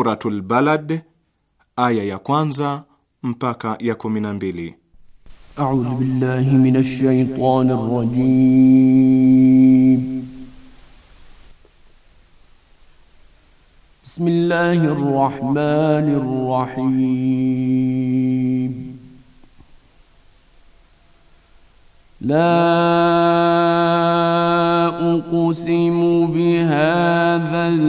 Suratul Balad aya ya kwanza mpaka ya kumi na mbili. A'udhu billahi minash shaitani rrajim. Bismillahir rahmanir rahim. La uqsimu bihadha al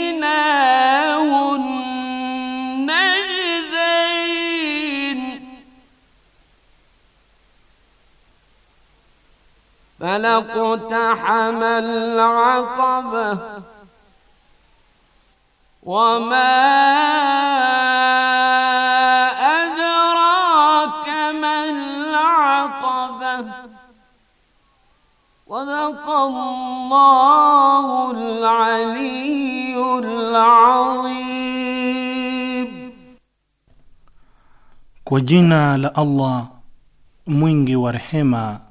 فلقتحم العقبة وما أدراك ما العقبة صدق الله العلي العظيم وجنا لألله la ورحمه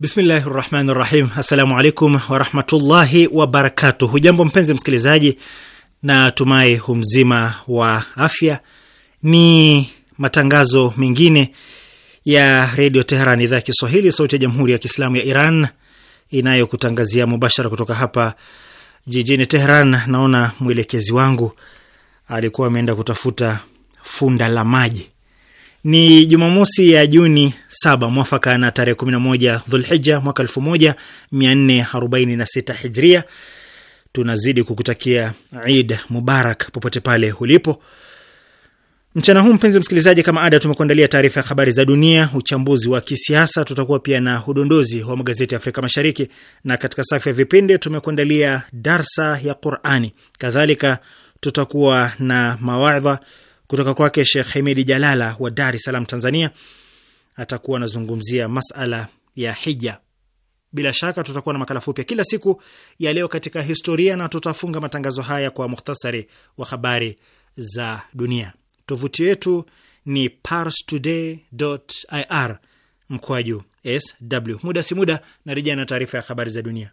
Bismillahi rahmani rahim. Assalamu alaikum warahmatullahi wabarakatuh. Hujambo mpenzi msikilizaji, na tumai humzima wa afya. Ni matangazo mengine ya redio Teheran, idhaa ya Kiswahili, sauti ya jamhuri ya kiislamu ya Iran inayokutangazia mubashara kutoka hapa jijini Teheran. Naona mwelekezi wangu alikuwa ameenda kutafuta funda la maji ni Jumamosi ya Juni saba mwafaka na tarehe moja Dhulhija mwaka sita Hijria. Tunazidi kukutakia Id Mubarak popote pale ulipo. Mchana huu mpenzi msikilizaji, kama ada, tumekuandalia taarifa ya habari za dunia, uchambuzi wa kisiasa, tutakuwa pia na udondozi wa magazeti ya Afrika Mashariki, na katika safu ya vipindi tumekuandalia darsa ya Qurani. Kadhalika tutakuwa na mawadha kutoka kwake Shekh Hemedi Jalala wa Dar es Salaam, Tanzania. Atakuwa anazungumzia masala ya hija. Bila shaka tutakuwa na makala fupi kila siku ya leo katika historia, na tutafunga matangazo haya kwa muhtasari wa habari za dunia. Tovuti yetu ni parstoday.ir mkwaju sw. Muda si muda na rejea na taarifa ya habari za dunia.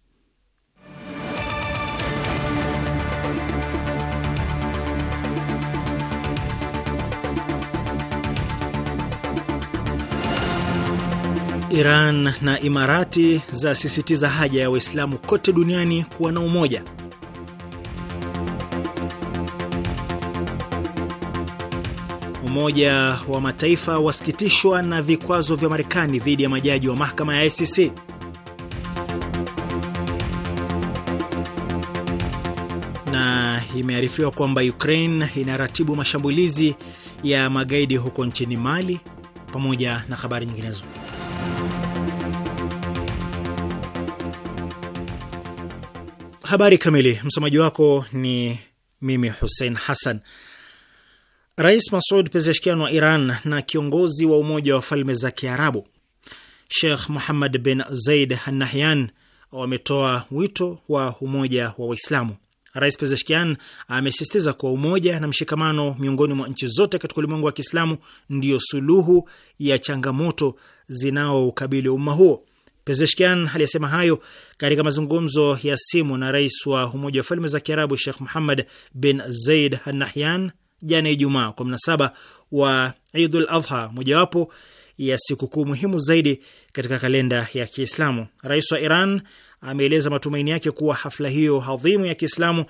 Iran na Imarati zasisitiza haja ya Waislamu kote duniani kuwa na umoja. Umoja wa Mataifa wasikitishwa na vikwazo vya Marekani dhidi ya majaji wa mahakama ya ICC. Na imearifiwa kwamba Ukraine inaratibu mashambulizi ya magaidi huko nchini Mali, pamoja na habari nyinginezo. Habari kamili. Msomaji wako ni mimi Hussein Hassan. Rais Masud Pezeshkian wa Iran na kiongozi wa Umoja wa Falme za Kiarabu Sheikh Muhammad bin Zaid Al Nahyan wametoa wito wa umoja wa Waislamu. Rais Pezeshkian amesisitiza kuwa umoja na mshikamano miongoni mwa nchi zote katika ulimwengu wa Kiislamu ndiyo suluhu ya changamoto zinaoukabili umma huo. Pezeshkian aliyesema hayo katika mazungumzo ya simu na rais wa Umoja wa Falme za Kiarabu Sheikh Muhammad bin Zaid Al Nahyan jana Ijumaa kwa mnasaba wa Idul Adha, mojawapo ya sikukuu muhimu zaidi katika kalenda ya Kiislamu. Rais wa Iran ameeleza matumaini yake kuwa hafla hiyo adhimu ya Kiislamu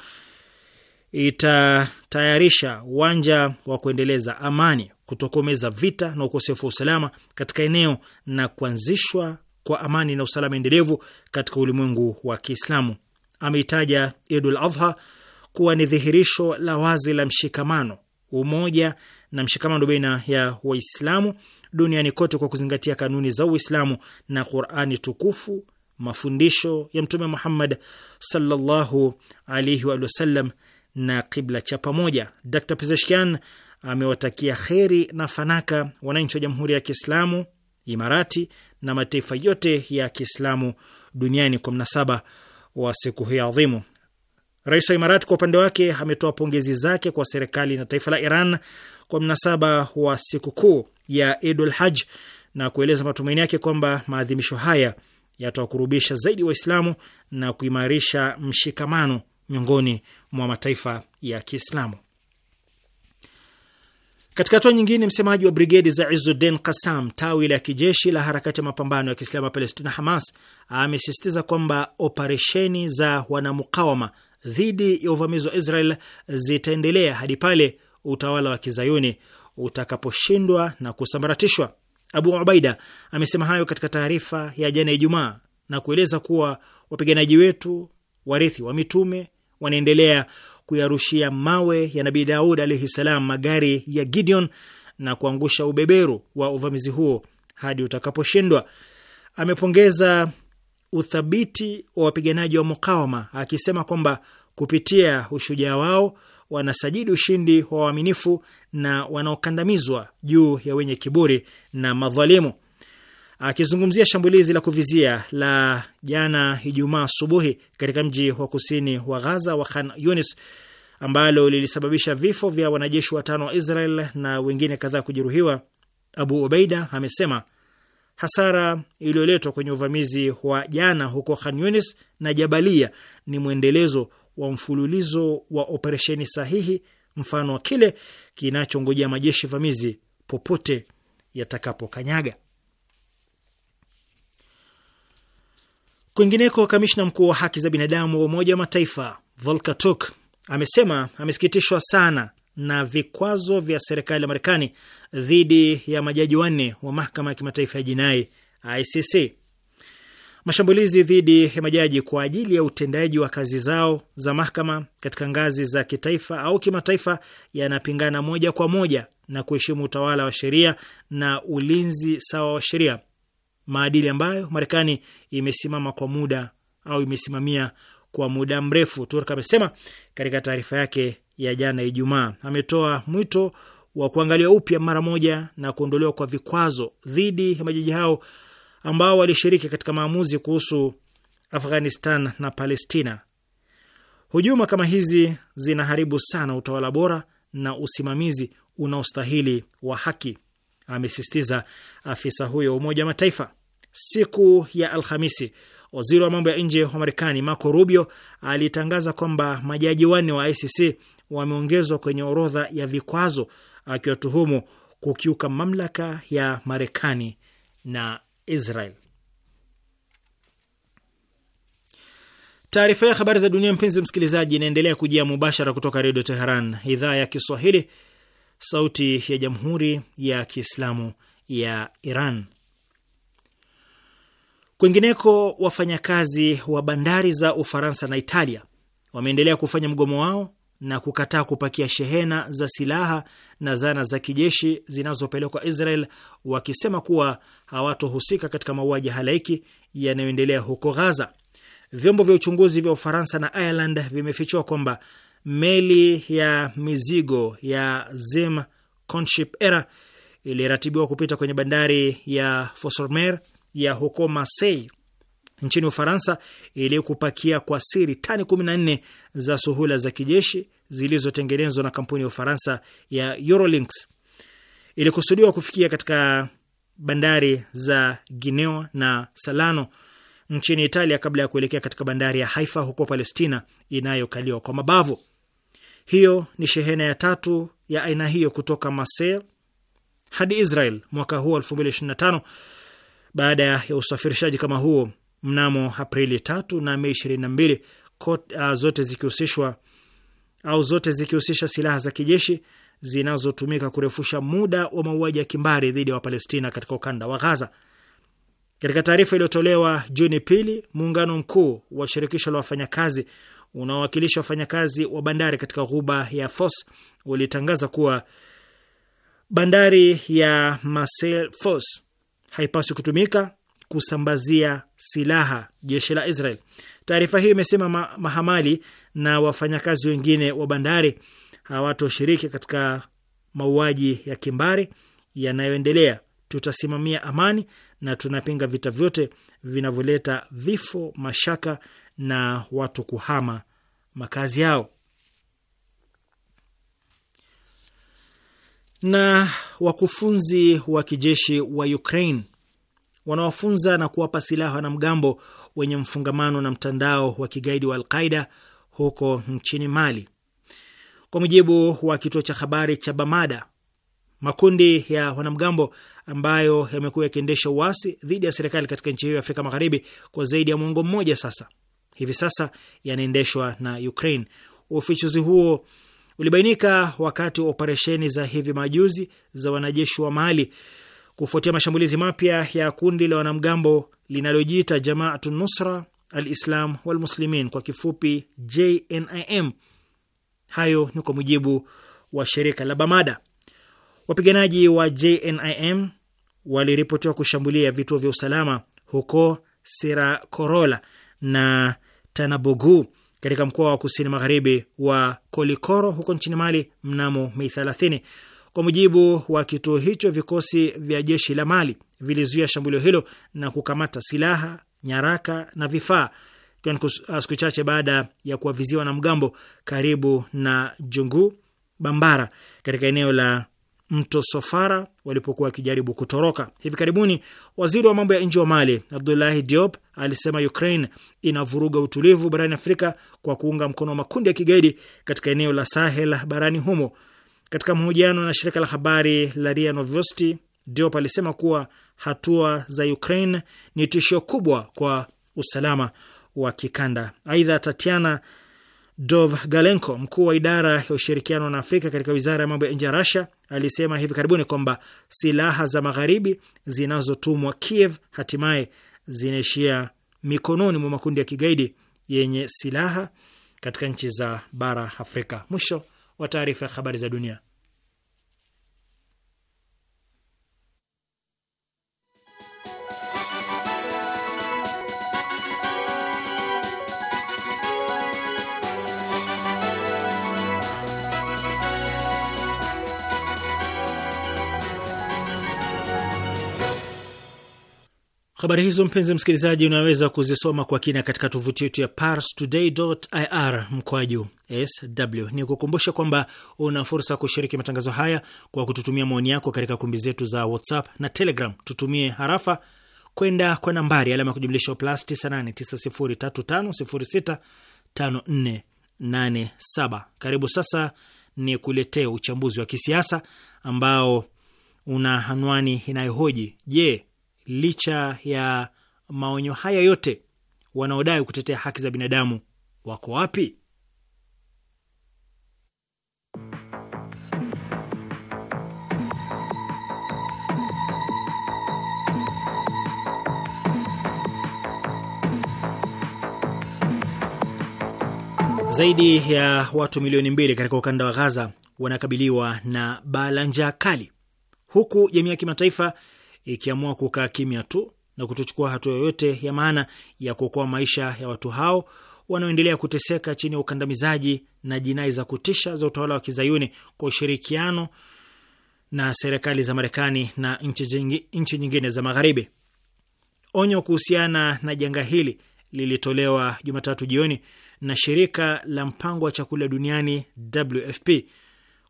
itatayarisha uwanja wa kuendeleza amani, kutokomeza vita na ukosefu wa usalama katika eneo na kuanzishwa kwa amani na usalama endelevu katika ulimwengu wa Kiislamu. Ameitaja Idul Adha kuwa ni dhihirisho la wazi la mshikamano, umoja na mshikamano baina ya Waislamu duniani kote kwa kuzingatia kanuni za Uislamu na Qurani tukufu, mafundisho ya Mtume Muhammad sallallahu alaihi wa sallam na kibla cha pamoja. Dr Pezeshkian amewatakia kheri na fanaka wananchi wa Jamhuri ya Kiislamu Imarati na mataifa yote ya Kiislamu duniani kwa mnasaba wa siku hii adhimu. Rais wa Imarati kwa upande wake ametoa pongezi zake kwa serikali na taifa la Iran kwa mnasaba wa sikukuu ya Idul Haj na kueleza matumaini yake kwamba maadhimisho haya yatawakurubisha zaidi Waislamu na kuimarisha mshikamano miongoni mwa mataifa ya Kiislamu. Katika hatua nyingine, msemaji wa brigedi za Izzuddin Kasam, tawi la kijeshi la harakati ya mapambano ya Kiislamu ya Palestina, Hamas, amesisitiza kwamba operesheni za wanamukawama dhidi ya uvamizi wa Israel zitaendelea hadi pale utawala wa kizayuni utakaposhindwa na kusambaratishwa. Abu Ubaida amesema hayo katika taarifa ya jana Ijumaa na kueleza kuwa wapiganaji wetu, warithi wa mitume, wanaendelea kuyarushia mawe ya Nabii Daud alaihi salam magari ya Gideon na kuangusha ubeberu wa uvamizi huo hadi utakaposhindwa. Amepongeza uthabiti wa wapiganaji wa mukawama akisema kwamba kupitia ushujaa wao wanasajidi ushindi wa waaminifu na wanaokandamizwa juu ya wenye kiburi na madhalimu. Akizungumzia shambulizi la kuvizia la jana Ijumaa asubuhi katika mji wa kusini wa Ghaza wa Khan Yunis ambalo lilisababisha vifo vya wanajeshi watano wa Israel na wengine kadhaa kujeruhiwa, Abu Ubaida amesema hasara iliyoletwa kwenye uvamizi wa jana huko Khan Yunis na Jabalia ni mwendelezo wa mfululizo wa operesheni sahihi, mfano wa kile kinachongojea majeshi vamizi popote yatakapokanyaga. Kwingineko, kamishna mkuu wa haki za binadamu wa Umoja wa Mataifa Volker Turk amesema amesikitishwa sana na vikwazo vya serikali ya Marekani dhidi ya majaji wanne wa mahakama ya kimataifa ya jinai ICC. Mashambulizi dhidi ya majaji kwa ajili ya utendaji wa kazi zao za mahakama katika ngazi za kitaifa au kimataifa yanapingana moja kwa moja na kuheshimu utawala wa sheria na ulinzi sawa wa sheria maadili ambayo Marekani imesimama kwa muda au imesimamia kwa muda mrefu. Turk amesema katika taarifa yake ya jana Ijumaa, ametoa mwito wa kuangaliwa upya mara moja na kuondolewa kwa vikwazo dhidi ya majiji hao ambao walishiriki katika maamuzi kuhusu Afghanistan na Palestina. Hujuma kama hizi zinaharibu sana utawala bora na usimamizi unaostahili wa haki, amesisitiza afisa huyo wa Umoja wa Mataifa siku ya Alhamisi, waziri wa mambo ya nje wa Marekani Marco Rubio alitangaza kwamba majaji wanne wa ICC wameongezwa kwenye orodha ya vikwazo, akiwatuhumu kukiuka mamlaka ya Marekani na Israel. Taarifa ya habari za dunia, mpenzi msikilizaji, inaendelea kujia mubashara kutoka Redio Teheran, idhaa ya Kiswahili, sauti ya Jamhuri ya Kiislamu ya Iran. Kwingineko, wafanyakazi wa bandari za Ufaransa na Italia wameendelea kufanya mgomo wao na kukataa kupakia shehena za silaha na zana za kijeshi zinazopelekwa Israel, wakisema kuwa hawatohusika katika mauaji halaiki yanayoendelea huko Ghaza. Vyombo vya uchunguzi vya Ufaransa na Ireland vimefichua kwamba meli ya mizigo ya Zim Conship Era iliratibiwa kupita kwenye bandari ya Fosormer ya huko Marseille nchini Ufaransa kupakia kwa siri tani 14 za suhula za kijeshi zilizotengenezwa na kampuni ya Ufaransa ya Eurolinks ilikusudiwa kufikia katika bandari za Gineo na Salano nchini Italia kabla ya kuelekea katika bandari ya Haifa huko Palestina inayokaliwa kwa mabavu. Hiyo ni shehena ya tatu ya aina hiyo kutoka Marseille hadi Israel mwaka huu baada ya usafirishaji kama huo mnamo Aprili tatu na Mei ishirini na mbili, ah, zote zikihusishwa au zote zikihusisha silaha za kijeshi zinazotumika kurefusha muda wa mauaji ya kimbari dhidi ya Wapalestina katika ukanda wa Ghaza. Katika taarifa iliyotolewa Juni pili, muungano mkuu wa shirikisho la wafanyakazi unaowakilisha wafanyakazi wa bandari katika ghuba ya Fos ulitangaza kuwa bandari ya Marseille Fos haipaswi kutumika kusambazia silaha jeshi la Israel. Taarifa hiyo imesema ma mahamali na wafanyakazi wengine wa bandari hawatoshiriki katika mauaji ya kimbari yanayoendelea. Tutasimamia amani na tunapinga vita vyote vinavyoleta vifo, mashaka na watu kuhama makazi yao. Na wakufunzi wa kijeshi wa Ukraine wanaofunza na kuwapa silaha wanamgambo wenye mfungamano na mtandao wa kigaidi wa Alqaida huko nchini Mali. Kwa mujibu wa kituo cha habari cha Bamada, makundi ya wanamgambo ambayo yamekuwa yakiendesha uasi dhidi ya serikali katika nchi hiyo ya Afrika Magharibi kwa zaidi ya mwongo mmoja sasa hivi sasa yanaendeshwa na Ukraine. Ufichuzi huo ulibainika wakati wa operesheni za hivi majuzi za wanajeshi wa Mali kufuatia mashambulizi mapya ya kundi la wanamgambo linalojiita Jamaatu Nusra Alislam Walmuslimin, kwa kifupi JNIM. Hayo ni kwa mujibu wa shirika la Bamada. Wapiganaji wa JNIM waliripotiwa kushambulia vituo vya usalama huko sira korola na Tanabogu katika mkoa wa kusini magharibi wa Kolikoro huko nchini Mali mnamo Mei 30. Kwa mujibu wa kituo hicho, vikosi vya jeshi la Mali vilizuia shambulio hilo na kukamata silaha, nyaraka na vifaa, uh, siku chache baada ya kuwaviziwa na mgambo karibu na Jungu Bambara katika eneo la mto Sofara walipokuwa wakijaribu kutoroka. Hivi karibuni waziri wa mambo ya nje wa Mali Abdulahi Diop alisema Ukraine inavuruga utulivu barani Afrika kwa kuunga mkono makundi ya kigaidi katika eneo la Sahel barani humo. Katika mahojiano na shirika la habari la RIA Novosti, Diop alisema kuwa hatua za Ukraine ni tishio kubwa kwa usalama wa kikanda. Aidha, Tatiana dov galenko mkuu wa idara ya ushirikiano na Afrika katika wizara ya mambo ya nje ya rasia alisema hivi karibuni kwamba silaha za magharibi zinazotumwa Kiev hatimaye zinaishia mikononi mwa makundi ya kigaidi yenye silaha katika nchi za bara Afrika. Mwisho wa taarifa ya habari za dunia. Habari hizo mpenzi msikilizaji, unaweza kuzisoma kwa kina katika tovuti yetu ya parstoday.ir mkoaju sw. Ni kukumbusha kwamba una fursa kushiriki matangazo haya kwa kututumia maoni yako katika kumbi zetu za WhatsApp na Telegram. Tutumie harafa kwenda kwa nambari alama ya kujumlisha plus 989035065487. Karibu sasa ni kuletea uchambuzi wa kisiasa ambao una anwani inayohoji je, licha ya maonyo haya yote, wanaodai kutetea haki za binadamu wako wapi? Zaidi ya watu milioni mbili katika ukanda wa Ghaza wanakabiliwa na baa la njaa kali, huku jamii ya kimataifa ikiamua kukaa kimya tu na kutochukua hatua yoyote ya maana ya kuokoa maisha ya watu hao wanaoendelea kuteseka chini ya ukandamizaji na jinai za kutisha za utawala wa kizayuni kwa ushirikiano na serikali za Marekani na nchi nyingine za Magharibi. Onyo kuhusiana na janga hili lilitolewa Jumatatu jioni na shirika la mpango wa chakula duniani WFP.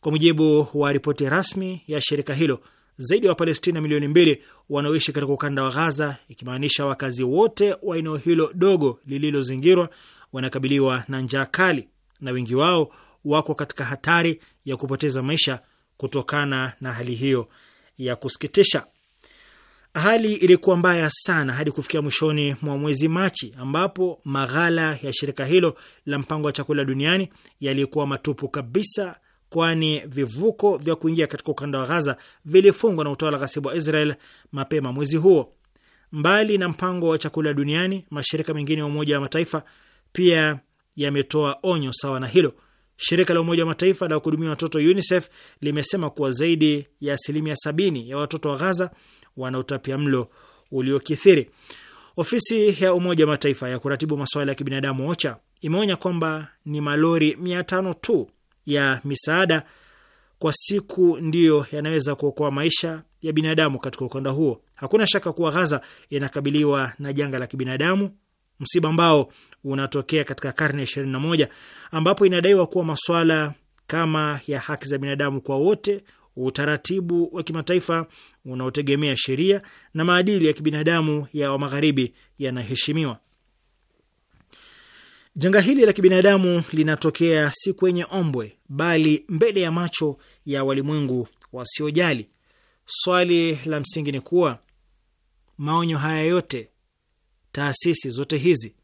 Kwa mujibu wa ripoti rasmi ya shirika hilo, zaidi ya Wapalestina milioni mbili wanaoishi katika ukanda wa Ghaza, ikimaanisha wakazi wote wa eneo hilo dogo lililozingirwa wanakabiliwa na njaa kali, na wengi wao wako katika hatari ya kupoteza maisha kutokana na hali hiyo ya kusikitisha. Hali ilikuwa mbaya sana hadi kufikia mwishoni mwa mwezi Machi, ambapo maghala ya shirika hilo la mpango wa chakula duniani yalikuwa matupu kabisa kwani vivuko vya kuingia katika ukanda wa Ghaza vilifungwa na utawala ghasibu wa Israel mapema mwezi huo. Mbali na mpango wa chakula duniani, mashirika mengine ya Umoja wa Mataifa pia yametoa onyo sawa na hilo. Shirika la Umoja wa Mataifa la kuhudumia watoto UNICEF limesema kuwa zaidi ya asilimia sabini ya watoto wa Ghaza wana utapia mlo uliokithiri. Ofisi ya Umoja wa Mataifa ya kuratibu masuala ya kibinadamu OCHA imeonya kwamba ni malori mia tano tu ya misaada kwa siku ndiyo yanaweza kuokoa maisha ya binadamu katika ukanda huo. Hakuna shaka kuwa Ghaza inakabiliwa na janga la kibinadamu, msiba ambao unatokea katika karne ya moja ambapo inadaiwa kuwa maswala kama ya haki za binadamu kwa wote, utaratibu wa kimataifa unaotegemea sheria na maadili ya kibinadamu ya Wamagharibi yanaheshimiwa. Janga hili la kibinadamu linatokea si kwenye ombwe, bali mbele ya macho ya walimwengu wasiojali. Swali la msingi ni kuwa maonyo haya yote, taasisi zote hizi,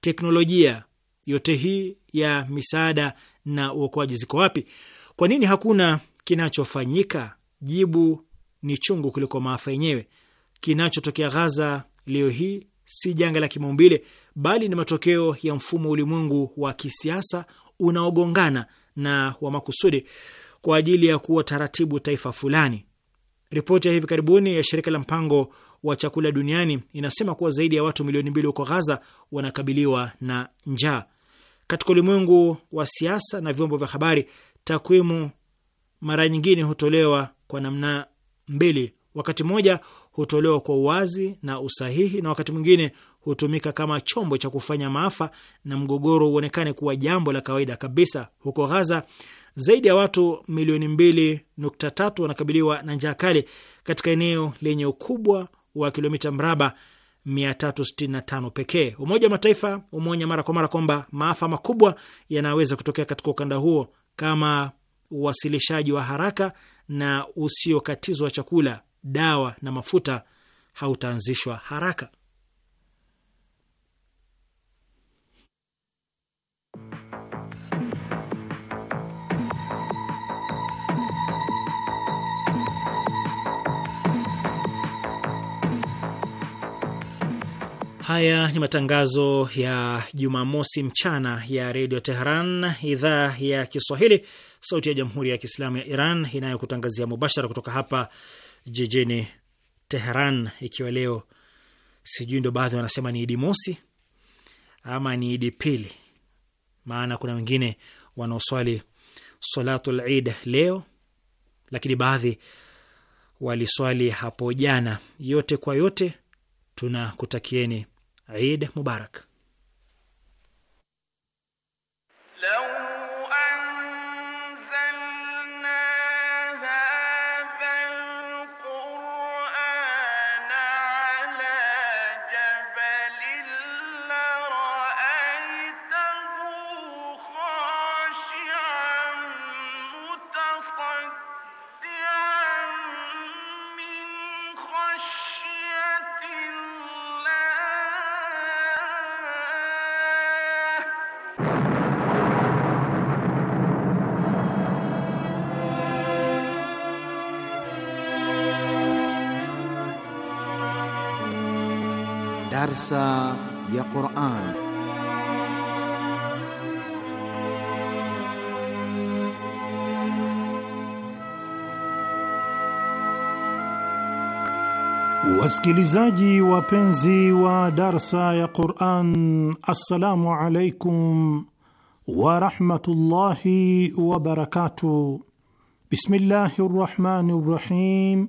teknolojia yote hii ya misaada na uokoaji ziko wapi? Kwa nini hakuna kinachofanyika? Jibu ni chungu kuliko maafa yenyewe. Kinachotokea Ghaza leo hii si janga la kimaumbile, bali ni matokeo ya mfumo ulimwengu wa kisiasa unaogongana na wa makusudi kwa ajili ya kuwa taratibu taifa fulani. Ripoti ya hivi karibuni ya shirika la mpango wa chakula duniani inasema kuwa zaidi ya watu milioni mbili huko Ghaza wanakabiliwa na njaa. Katika ulimwengu wa siasa na vyombo vya habari, takwimu mara nyingine hutolewa kwa namna mbili. Wakati mmoja hutolewa kwa uwazi na usahihi na wakati mwingine hutumika kama chombo cha kufanya maafa na mgogoro huonekane kuwa jambo la kawaida kabisa. Huko Ghaza, zaidi ya watu milioni mbili nukta tatu wanakabiliwa na njaa kali katika eneo lenye ukubwa wa kilomita mraba 365 pekee. Umoja wa Mataifa umeonya mara kwa mara kwamba maafa makubwa yanaweza kutokea katika ukanda huo kama uwasilishaji wa haraka na usiokatizwa wa chakula dawa na mafuta hautaanzishwa haraka. Haya ni matangazo ya Jumamosi mchana ya redio Teheran, idhaa ya Kiswahili, sauti ya jamhuri ya kiislamu ya Iran, inayokutangazia mubashara kutoka hapa jijini Teheran, ikiwa leo sijui ndo baadhi wanasema ni Idi mosi ama ni Idi pili, maana kuna wengine wanaoswali salatul Id leo, lakini baadhi waliswali hapo jana. Yote kwa yote, tunakutakieni Id Mubarak. darsa ya Quran. Wasikilizaji wapenzi wa darsa ya Quran, assalamu alaikum warahmatullahi wabarakatuh. Bismillahi rahmani rahim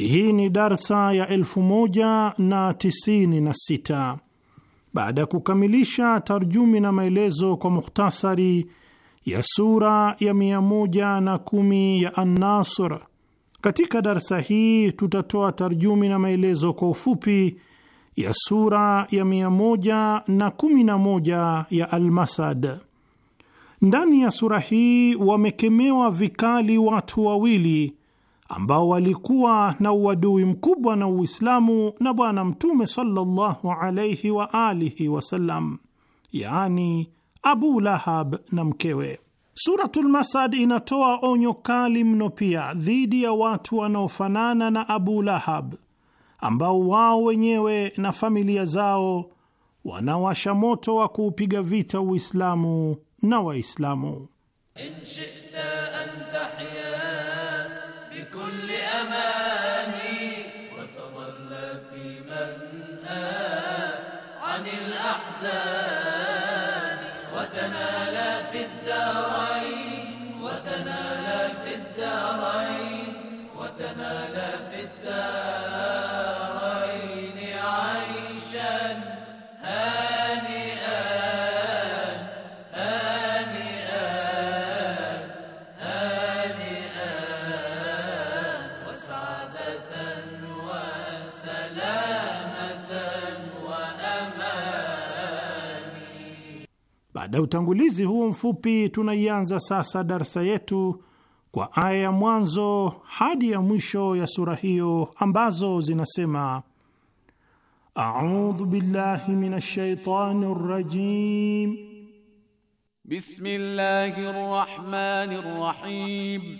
Hii ni darsa ya elfu moja na tisini na sita baada ya kukamilisha tarjumi na maelezo kwa mukhtasari ya sura ya mia moja na kumi ya An-Nasr. Katika darsa hii tutatoa tarjumi na maelezo kwa ufupi ya sura ya mia moja na kumi na moja ya almasad Ndani ya sura hii wamekemewa vikali watu wawili ambao walikuwa na uadui mkubwa na Uislamu na Bwana Mtume sallallahu alaihi wa alihi wasallam, yani Abu Lahab na mkewe. Suratul Masad inatoa onyo kali mno pia dhidi ya watu wanaofanana na Abu Lahab ambao wao wenyewe na familia zao wanawasha moto wa kuupiga vita Uislamu na Waislamu. in shita an tahya Baada ya utangulizi huu mfupi, tunaianza sasa darsa yetu kwa aya ya mwanzo hadi ya mwisho ya sura hiyo ambazo zinasema: audhu billahi min shaitani rrajim, rahim,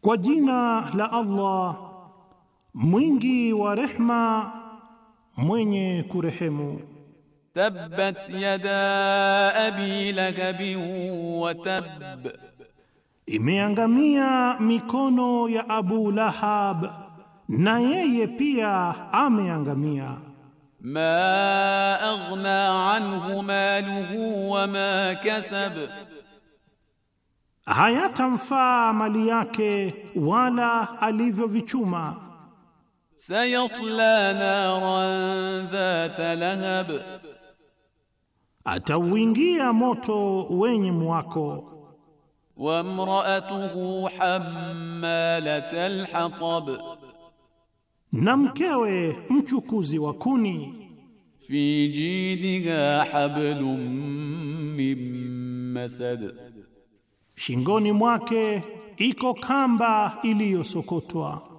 kwa jina la Allah mwingi wa rehma mwenye kurehemu. تبت يدا أبي لهب وتب Imeangamia mikono ya Abu Lahab na yeye pia ameangamia. Ma aghna anhu maluhu wa ma kasab, hayatamfaa mali yake wala alivyovichuma. Sayasla naran dhata lahab atauingia moto wenye mwako. wa imraatuhu hammalatal hatab, na mkewe mchukuzi wa kuni. fi jidiha hablum min masad, shingoni mwake iko kamba iliyosokotwa.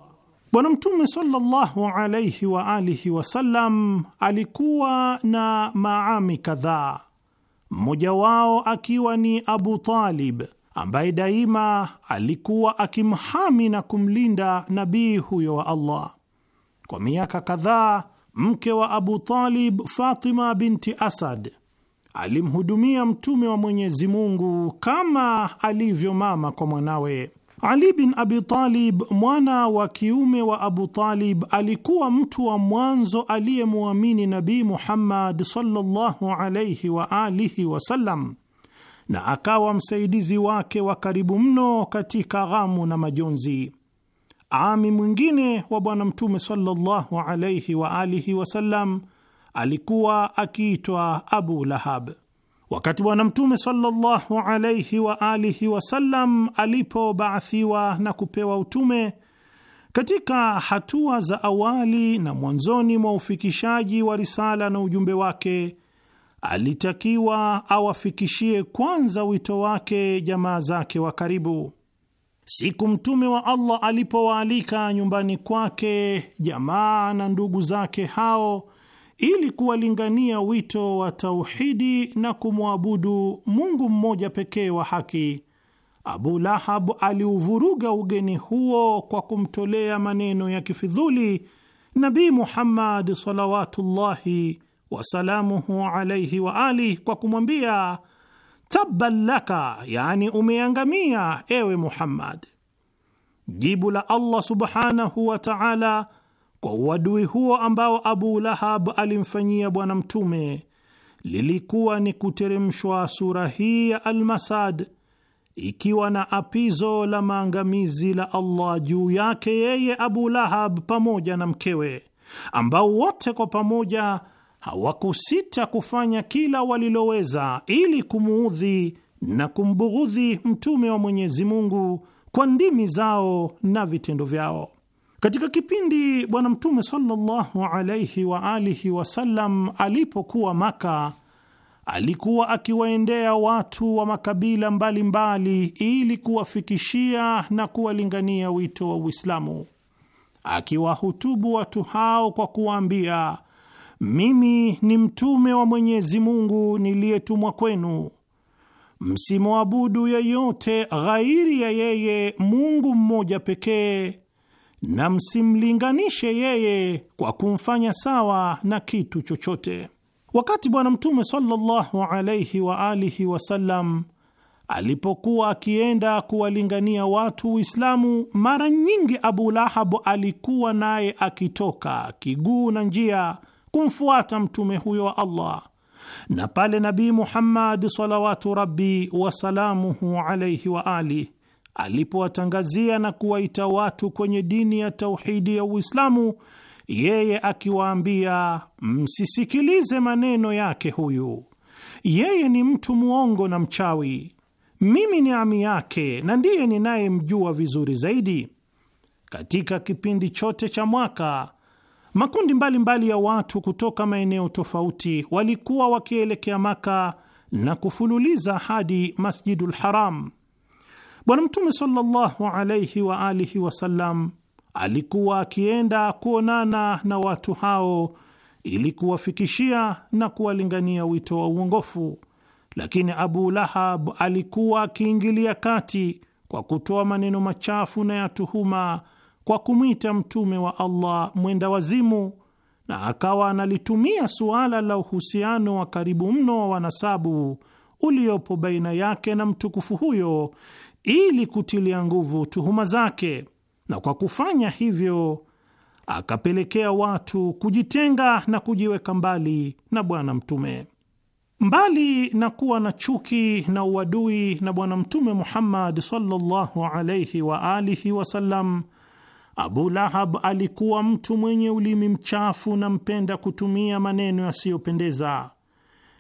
Bwana Mtume sallallahu alaihi wa alihi wasallam alikuwa na maami kadhaa, mmoja wao akiwa ni Abu Talib ambaye daima alikuwa akimhami na kumlinda nabii huyo wa Allah. Kwa miaka kadhaa, mke wa Abu Talib, Fatima binti Asad, alimhudumia Mtume wa Mwenyezi Mungu kama alivyo mama kwa mwanawe. Ali bin Abi Talib mwana wa kiume wa Abu Talib alikuwa mtu wa mwanzo aliyemwamini nabi Muhammad sallallahu alayhi wa alihi wasallam na akawa msaidizi wake wa karibu mno katika ghamu na majonzi. Ami mwingine wa Bwana Mtume sallallahu alayhi wa alihi wasallam alikuwa akiitwa Abu Lahab. Wakati Bwana Mtume sallallahu alaihi wa alihi wasallam alipobaathiwa na kupewa utume, katika hatua za awali na mwanzoni mwa ufikishaji wa risala na ujumbe wake, alitakiwa awafikishie kwanza wito wake jamaa zake wa karibu. Siku mtume wa Allah alipowaalika nyumbani kwake jamaa na ndugu zake hao ili kuwalingania wito wa tauhidi na kumwabudu Mungu mmoja pekee wa haki. Abu Lahab aliuvuruga ugeni huo kwa kumtolea maneno ya kifidhuli Nabii Muhammad salawatullahi wasalamuhu alaihi wa alihi kwa kumwambia tabban laka, yani umeangamia ewe Muhammad. Jibu la Allah subhanahu wa ta'ala kwa uadui huo ambao Abu Lahab alimfanyia Bwana Mtume lilikuwa ni kuteremshwa sura hii ya Almasad ikiwa na apizo la maangamizi la Allah juu yake yeye Abu Lahab pamoja na mkewe, ambao wote kwa pamoja hawakusita kufanya kila waliloweza ili kumuudhi na kumbughudhi mtume wa Mwenyezi Mungu kwa ndimi zao na vitendo vyao. Katika kipindi Bwana Mtume sallallahu alaihi wa alihi wasallam alipokuwa Maka, alikuwa akiwaendea watu wa makabila mbalimbali mbali, ili kuwafikishia na kuwalingania wito wa Uislamu, akiwahutubu watu hao kwa kuwaambia, mimi ni mtume wa Mwenyezi Mungu niliyetumwa kwenu Msimwabudu yeyote ghairi ya yeye, Mungu mmoja pekee, na msimlinganishe yeye kwa kumfanya sawa na kitu chochote. Wakati Bwana Mtume sallallahu wa alihi wasallam alipokuwa akienda kuwalingania watu Uislamu, mara nyingi Abu Lahabu alikuwa naye akitoka kiguu na njia kumfuata mtume huyo wa Allah, na pale Nabii Muhammad salawatu rabbi wasalamuhu alaihi wa alihi alipowatangazia na kuwaita watu kwenye dini ya tauhidi ya Uislamu, yeye akiwaambia msisikilize maneno yake huyu, yeye ni mtu mwongo na mchawi, mimi ni ami yake na ndiye ninayemjua vizuri zaidi. Katika kipindi chote cha mwaka makundi mbalimbali mbali ya watu kutoka maeneo tofauti walikuwa wakielekea Maka na kufululiza hadi Masjidul Haram Bwana Mtume sallallahu alaihi wa alihi wasallam alikuwa akienda kuonana na watu hao ili kuwafikishia na kuwalingania wito wa uongofu, lakini Abu Lahab alikuwa akiingilia kati kwa kutoa maneno machafu na ya tuhuma kwa kumwita mtume wa Allah mwenda wazimu, na akawa analitumia suala la uhusiano wa karibu mno wa wanasabu uliopo baina yake na mtukufu huyo ili kutilia nguvu tuhuma zake, na kwa kufanya hivyo akapelekea watu kujitenga na kujiweka mbali na Bwana Mtume. Mbali na kuwa na chuki na uadui na Bwana Mtume Muhammad sallallahu wa alihi wasallam, Abu Lahab alikuwa mtu mwenye ulimi mchafu na mpenda kutumia maneno yasiyopendeza.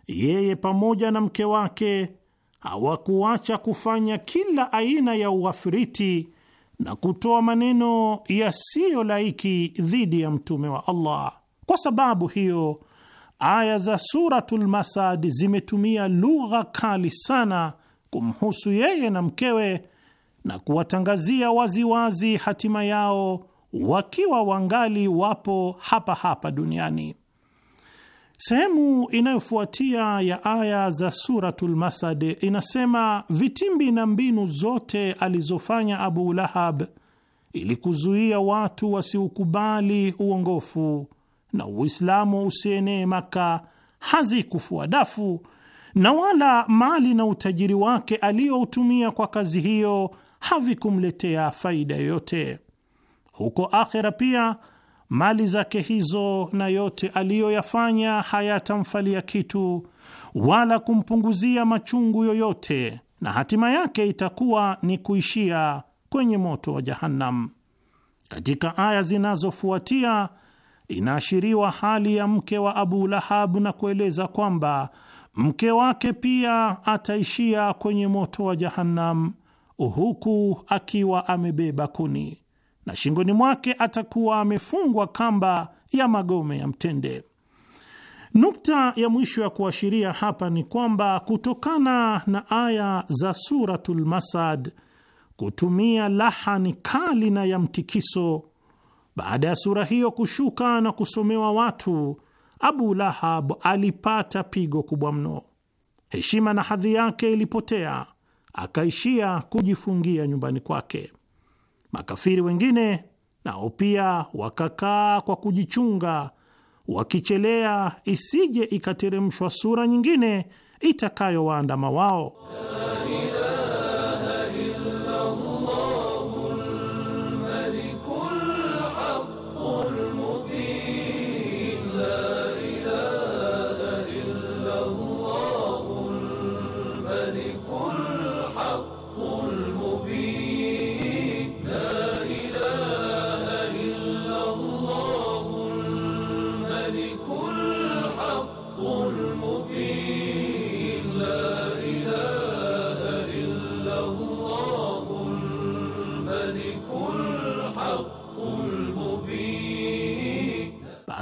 Yeye pamoja na mke wake hawakuacha kufanya kila aina ya uafriti na kutoa maneno yasiyo laiki dhidi ya mtume wa Allah. Kwa sababu hiyo, aya za Suratul Masad zimetumia lugha kali sana kumhusu yeye na mkewe na kuwatangazia waziwazi hatima yao wakiwa wangali wapo hapa hapa duniani. Sehemu inayofuatia ya aya za Suratul Masad inasema vitimbi na mbinu zote alizofanya Abu Lahab ili kuzuia watu wasiukubali uongofu na Uislamu usienee Maka hazikufua dafu na wala mali na utajiri wake aliyoutumia kwa kazi hiyo havikumletea faida yoyote huko akhera. Pia mali zake hizo na yote aliyoyafanya hayatamfalia kitu wala kumpunguzia machungu yoyote, na hatima yake itakuwa ni kuishia kwenye moto wa Jahannam. Katika aya zinazofuatia inaashiriwa hali ya mke wa Abu Lahab na kueleza kwamba mke wake pia ataishia kwenye moto wa Jahannam, huku akiwa amebeba kuni na shingoni mwake atakuwa amefungwa kamba ya magome ya mtende. Nukta ya mwisho ya kuashiria hapa ni kwamba kutokana na aya za Suratul Masad kutumia lahani kali na ya mtikiso, baada ya sura hiyo kushuka na kusomewa watu, Abu Lahab alipata pigo kubwa mno. Heshima na hadhi yake ilipotea, akaishia kujifungia nyumbani kwake. Makafiri wengine nao pia wakakaa kwa kujichunga, wakichelea isije ikateremshwa sura nyingine itakayowaandama wao.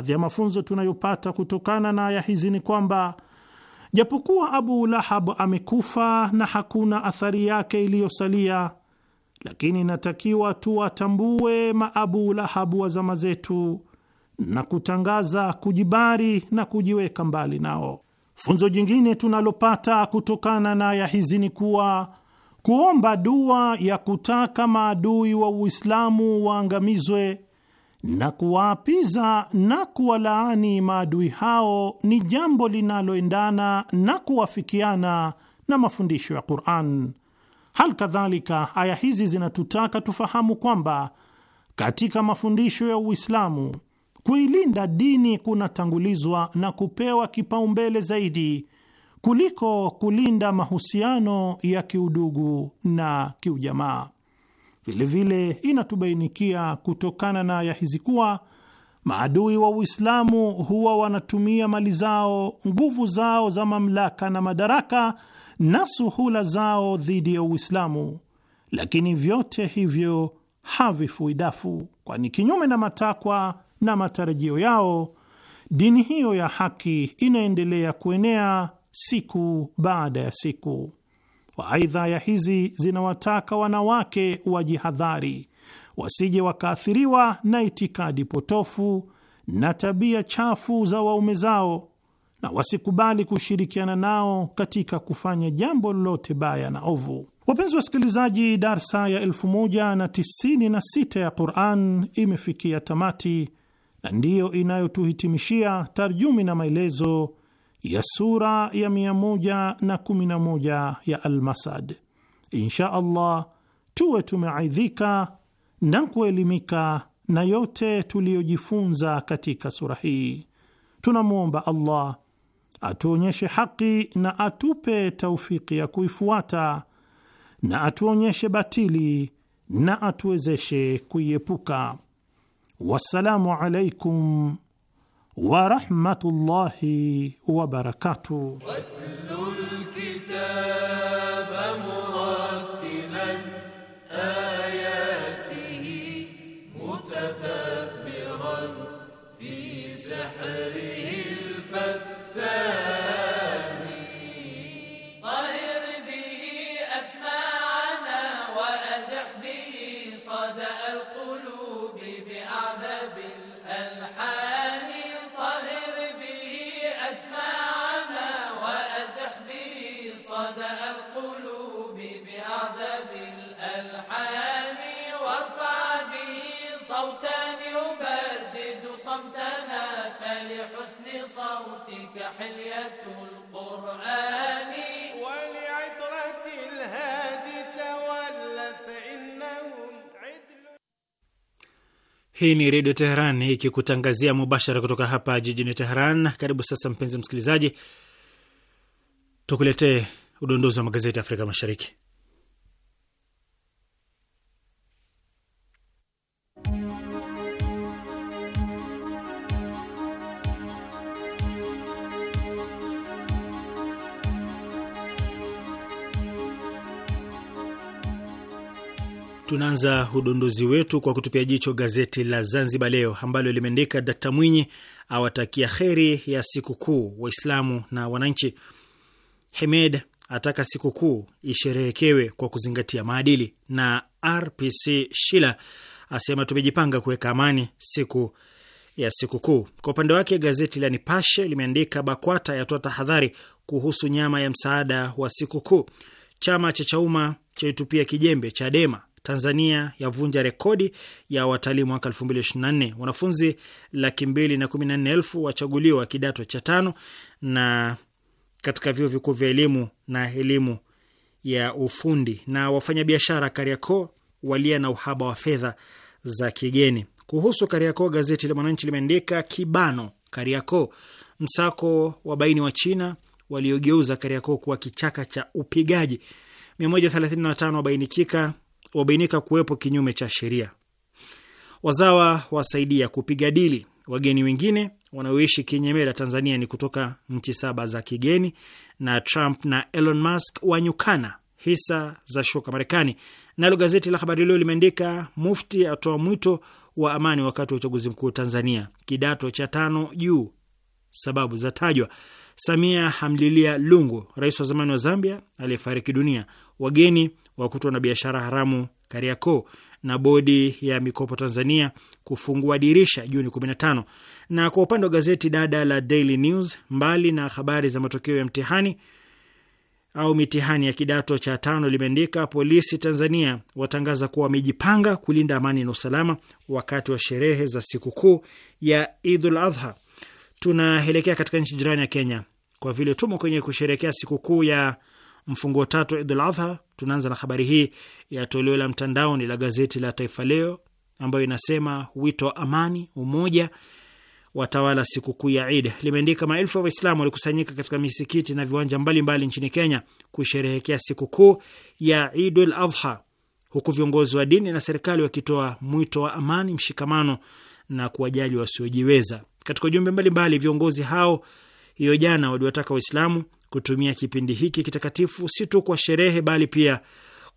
Baadhi ya mafunzo tunayopata kutokana na aya hizi ni kwamba japokuwa Abu Lahab amekufa na hakuna athari yake iliyosalia, lakini inatakiwa tuwatambue maabu Lahabu wa zama zetu na kutangaza kujibari na kujiweka mbali nao. Funzo jingine tunalopata kutokana na aya hizi ni kuwa kuomba dua ya kutaka maadui wa Uislamu waangamizwe na kuwaapiza na kuwalaani maadui hao ni jambo linaloendana na kuwafikiana na mafundisho ya Qur'an. Hal kadhalika aya hizi zinatutaka tufahamu kwamba katika mafundisho ya Uislamu kuilinda dini kunatangulizwa na kupewa kipaumbele zaidi kuliko kulinda mahusiano ya kiudugu na kiujamaa. Vilevile inatubainikia kutokana na aya hizi kuwa maadui wa Uislamu huwa wanatumia mali zao, nguvu zao za mamlaka na madaraka na suhula zao dhidi ya Uislamu, lakini vyote hivyo havifui dafu, kwani kinyume na matakwa na matarajio yao, dini hiyo ya haki inaendelea kuenea siku baada ya siku. Aidha, ya hizi zinawataka wanawake wajihadhari wasije wakaathiriwa na itikadi potofu na tabia chafu za waume zao na wasikubali kushirikiana nao katika kufanya jambo lolote baya na ovu. Wapenzi wasikilizaji, darsa ya 1096 ya Quran imefikia tamati na ndiyo inayotuhitimishia tarjumi na maelezo ya sura ya 111 ya Almasad. Insha Allah tuwe tumeaidhika na kuelimika na yote tuliyojifunza katika sura hii. Tunamwomba Allah atuonyeshe haki na atupe taufiki ya kuifuata na atuonyeshe batili na atuwezeshe kuiepuka. Wassalamu alaikum ورحمه الله وبركاته Hii ni Redio Teheran ikikutangazia mubashara kutoka hapa jijini Teheran. Karibu sasa, mpenzi msikilizaji, tukuletee udondozi wa magazeti ya Afrika Mashariki. Tunaanza udondozi wetu kwa kutupia jicho gazeti la Zanzibar Leo ambalo limeandika Dkt Mwinyi awatakia kheri ya sikukuu Waislamu na wananchi. Hemed ataka sikukuu isherehekewe kwa kuzingatia maadili, na RPC Shila asema tumejipanga kuweka amani siku ya sikukuu. Kwa upande wake gazeti la Nipashe limeandika BAKWATA yatoa tahadhari kuhusu nyama ya msaada wa sikukuu. Chama cha Chauma chaitupia kijembe Chadema Tanzania yavunja rekodi ya watalii mwaka 2024. Wanafunzi laki mbili na kumi na nne elfu wachaguliwa kidato cha tano na katika vyuo vikuu vya elimu na elimu ya ufundi. Na wafanyabiashara Kariakoo walia na uhaba wa fedha za kigeni. Kuhusu Kariakoo, gazeti la Mwananchi limeandika kibano Kariakoo, msako baini wa China waliogeuza Kariakoo kuwa kichaka cha upigaji. 135 wabainikika wabainika kuwepo kinyume cha sheria. Wazawa wasaidia kupiga dili. Wageni wengine wanaoishi kinyemela Tanzania ni kutoka nchi saba za kigeni. Na Trump na Elon Musk wanyukana, hisa za shuka Marekani. Nalo gazeti la Habari Leo limeandika Mufti atoa mwito wa amani wakati wa uchaguzi mkuu Tanzania, kidato cha tano juu, sababu zatajwa. Samia hamlilia Lungu, rais wa zamani wa Zambia aliyefariki dunia wageni wakutwa na biashara haramu Kariakoo na bodi ya mikopo Tanzania kufungua dirisha Juni 15. Na kwa upande wa gazeti dada la Daily News, mbali na habari za matokeo ya mtihani au mitihani ya kidato cha tano, limeandika polisi Tanzania watangaza kuwa wamejipanga kulinda amani na usalama wakati wa sherehe za sikukuu ya Idul Adha. Tunaelekea katika nchi jirani ya Kenya kwa vile tumo kwenye kusherekea sikukuu ya wa tatu Idul Adha. Tunaanza na habari hii ya toleo la mtandaoni la gazeti la Taifa Leo ambayo inasema wito wa amani, umoja watawala sikukuu ya Id. Limeandika maelfu ya Waislamu walikusanyika katika misikiti na viwanja mbalimbali mbali nchini Kenya kusherehekea sikukuu ya Idul Adha, huku viongozi wa dini na serikali wakitoa mwito wa amani, mshikamano na kuwajali wasiojiweza. Katika ujumbe mbalimbali, viongozi hao hiyo jana waliwataka Waislamu kutumia kipindi hiki kitakatifu si tu kwa sherehe, bali pia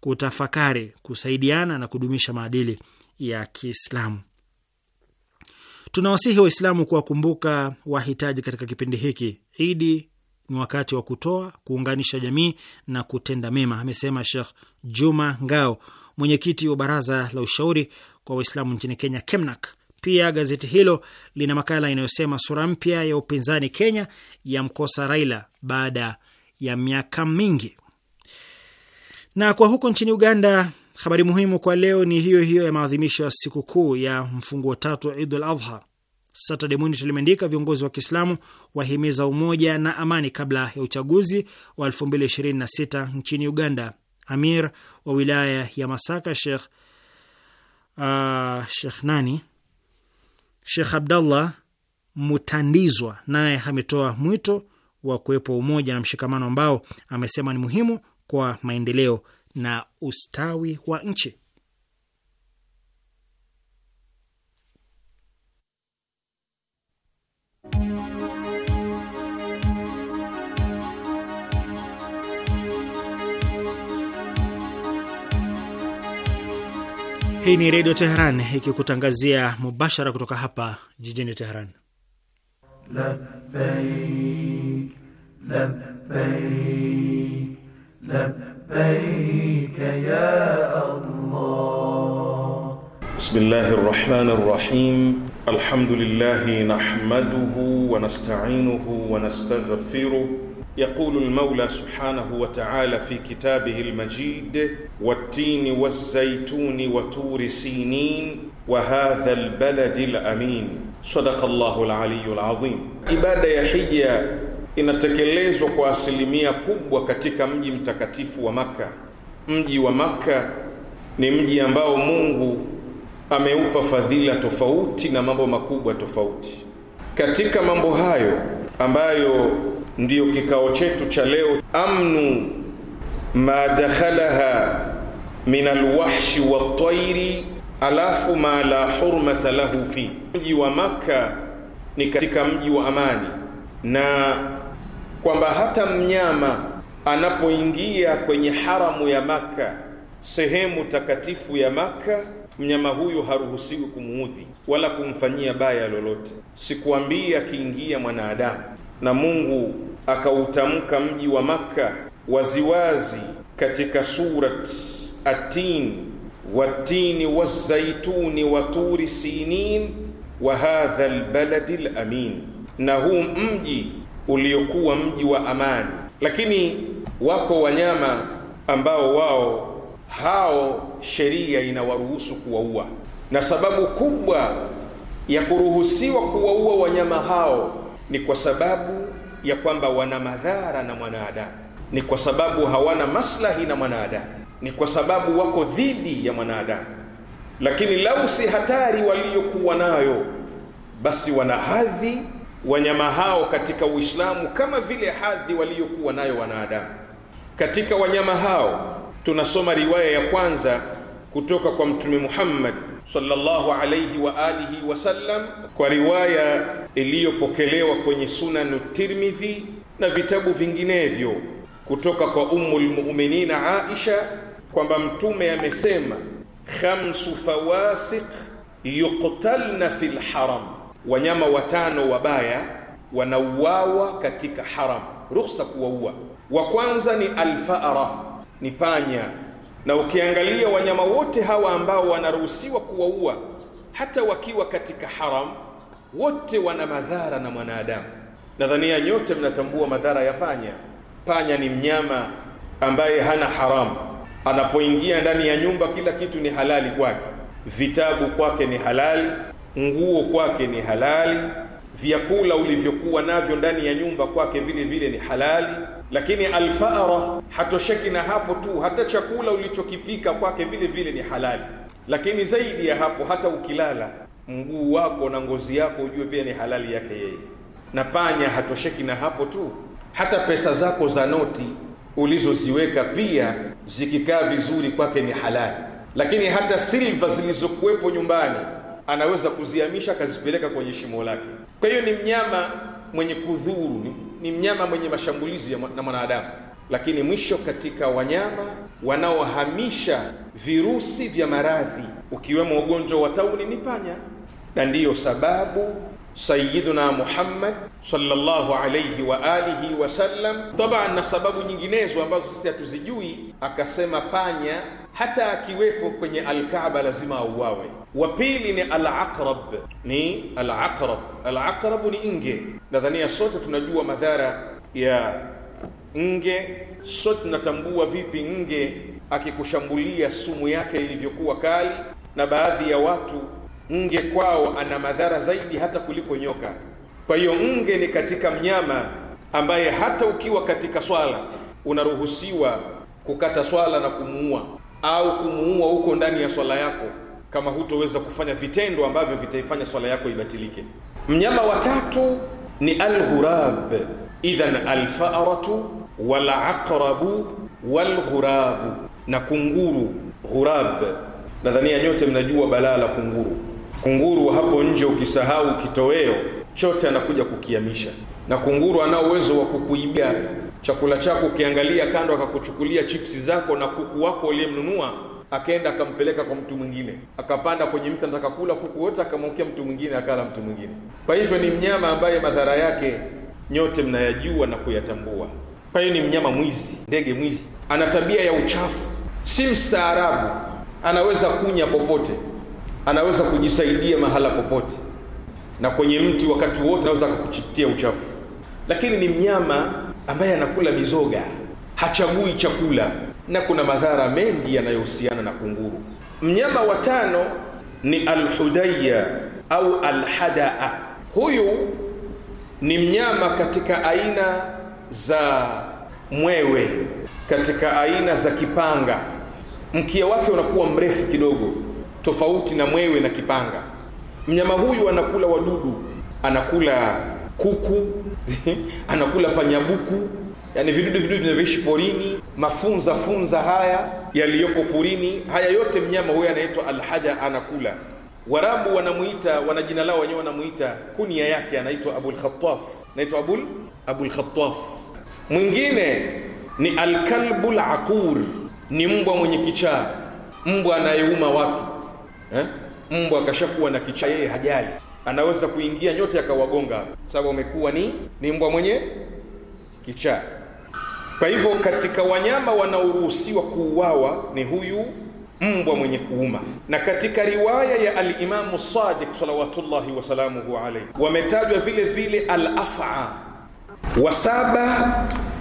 kutafakari, kusaidiana na kudumisha maadili ya Kiislamu. Tunawasihi Waislamu kuwakumbuka wahitaji katika kipindi hiki. Idi ni wakati wa kutoa, kuunganisha jamii na kutenda mema, amesema shekh Juma Ngao, mwenyekiti wa Baraza la Ushauri kwa Waislamu nchini Kenya, KEMNAK, pia gazeti hilo lina makala inayosema sura mpya ya upinzani Kenya yamkosa Raila baada ya miaka mingi. Na kwa huko nchini Uganda, habari muhimu kwa leo ni hiyo hiyo ya maadhimisho ya sikukuu ya mfunguo tatu Idul Adha. Saturday Monitor limeandika viongozi wa Kiislamu wahimiza umoja na amani kabla ya uchaguzi wa 2026 nchini Uganda. Amir wa wilaya ya Masaka Sheikh uh, Sheikh nani Shekh Abdallah Mutandizwa naye ametoa mwito wa kuwepo umoja na mshikamano ambao amesema ni muhimu kwa maendeleo na ustawi wa nchi. Hii ni Redio Teheran ikikutangazia mubashara kutoka hapa jijini Teheran. Labbaik, labbaik, Rahim. Alhamdulillahi nahmaduhu wa nasta'inuhu يقول المولى سبحانه وتعالى في كتابه المجيد والتين والزيتون وتور سينين وهذا البلد الأمين صدق الله العلي العظيم ibada ya hija inatekelezwa kwa asilimia kubwa katika mji mtakatifu wa Maka. Mji wa Maka ni mji ambao Mungu ameupa fadhila tofauti na mambo makubwa tofauti. Katika mambo hayo ambayo ndiyo kikao chetu cha leo, amnu ma dakhalaha min alwahshi watairi alafu ma la hurmata lahu fi. Mji wa Makka ni katika mji wa amani, na kwamba hata mnyama anapoingia kwenye haramu ya Makka, sehemu takatifu ya Makka, mnyama huyu haruhusiwi kumuudhi wala kumfanyia baya lolote. sikuambii akiingia mwanadamu na Mungu akautamka mji wa Makka waziwazi katika surat Atin, watini wazaituni waturi sinin wa hadha lbaladi lamin, na huu mji uliokuwa mji wa amani. Lakini wako wanyama ambao wao hao sheria inawaruhusu kuwaua, na sababu kubwa ya kuruhusiwa kuwaua wanyama hao ni kwa sababu ya kwamba wana madhara na mwanadamu, ni kwa sababu hawana maslahi na mwanadamu, ni kwa sababu wako dhidi ya mwanadamu. Lakini lau si hatari waliyokuwa nayo, basi wana hadhi wanyama hao katika Uislamu kama vile hadhi waliyokuwa nayo wanadamu. Katika wanyama hao tunasoma riwaya ya kwanza kutoka kwa Mtume Muhammad sallallahu alayhi wa alihi wasallam, kwa riwaya iliyopokelewa kwenye Sunanu Tirmidhi na vitabu vinginevyo kutoka kwa ummu Muminina Aisha kwamba Mtume amesema khamsu fawasik yuqtalna fi lharam wanyama watano wabaya wanauawa katika haram, ruhusa kuwaua. Wa kwanza ni alfara, ni panya na ukiangalia wanyama wote hawa ambao wanaruhusiwa kuwaua hata wakiwa katika haram, wote wana madhara na mwanadamu. Nadhania nyote mnatambua madhara ya panya. Panya ni mnyama ambaye hana haramu. Anapoingia ndani ya nyumba, kila kitu ni halali kwake. Vitabu kwake ni halali, nguo kwake ni halali, vyakula ulivyokuwa navyo ndani ya nyumba kwake vile vile ni halali lakini alfara hatosheki na hapo tu, hata chakula ulichokipika kwake vile vile ni halali. Lakini zaidi ya hapo, hata ukilala mguu wako na ngozi yako ujue pia ni halali yake yeye. Na panya hatosheki na hapo tu, hata pesa zako za noti ulizoziweka pia zikikaa vizuri kwake ni halali. Lakini hata silva zilizokuwepo nyumbani anaweza kuzihamisha akazipeleka kwenye shimo lake. Kwa hiyo ni mnyama mwenye kudhuru ni mnyama mwenye mashambulizi na mwanadamu, lakini mwisho katika wanyama wanaohamisha virusi vya maradhi ukiwemo ugonjwa wa tauni ni panya, na ndiyo sababu Sayyiduna Muhammad sallallahu alayhi wa alihi wasallam, taban na sababu nyinginezo ambazo sisi hatuzijui. Akasema panya hata akiweko kwenye Alkaaba lazima auawe. Wa pili ni alaqrab, ni alaqrab. Alaqrab ni nge. Nadhania sote tunajua madhara ya nge, sote tunatambua vipi nge akikushambulia sumu yake ilivyokuwa kali, na baadhi ya watu nge kwao ana madhara zaidi hata kuliko nyoka. Kwa hiyo nge ni katika mnyama ambaye hata ukiwa katika swala unaruhusiwa kukata swala na kumuua au kumuua huko ndani ya swala yako, kama hutoweza kufanya vitendo ambavyo vitaifanya swala yako ibatilike. Mnyama watatu ni alghurab. Idhan alfaratu walaqrabu walghurabu, na kunguru ghurab. Nadhania nyote mnajua balaa la kunguru. Kunguru wa hapo nje ukisahau kitoweo chote anakuja kukiamisha, na kunguru anao uwezo wa kukuibia chakula chako. Ukiangalia kando, akakuchukulia chipsi zako na kuku wako uliyemnunua, akaenda akampeleka kwa mtu mwingine, akapanda kwenye mtu anataka kula kuku wote, akamwokea mtu mwingine, akala mtu mwingine. Kwa hivyo ni mnyama ambaye madhara yake nyote mnayajua na kuyatambua. Kwa hiyo ni mnyama mwizi, ndege mwizi, ana tabia ya uchafu, si mstaarabu, anaweza kunya popote anaweza kujisaidia mahala popote, na kwenye mti wakati wote anaweza akakuchitia uchafu, lakini ni mnyama ambaye anakula mizoga, hachagui chakula, na kuna madhara mengi yanayohusiana na kunguru. Mnyama wa tano ni alhudaya au alhadaa. Huyu ni mnyama katika aina za mwewe, katika aina za kipanga. Mkia wake unakuwa mrefu kidogo tofauti na mwewe na kipanga. Mnyama huyu anakula wadudu, anakula kuku anakula panyabuku, yani vidudu vidudu vinavyoishi porini, mafunza funza haya yaliyoko porini, haya yote mnyama huyo anaitwa alhaja anakula. Warabu wanamuita wana jina lao wenyewe, wanamuita kunia yake, anaitwa Abul Khattaf, anaitwa Abul Abul Khattaf. Mwingine ni alkalbul aqur, ni mbwa mwenye kichaa, mbwa anayeuma watu eh? Mbwa akashakuwa na kichaa, yeye hajali, anaweza kuingia nyote akawagonga, sababu amekuwa ni ni mbwa mwenye kichaa. Kwa hivyo katika wanyama wanaoruhusiwa kuuawa ni huyu mbwa mwenye kuuma. Na katika riwaya ya Alimamu Sadiq salawatullahi wasalamuhu alaihi wametajwa vile vile alafa. Wa saba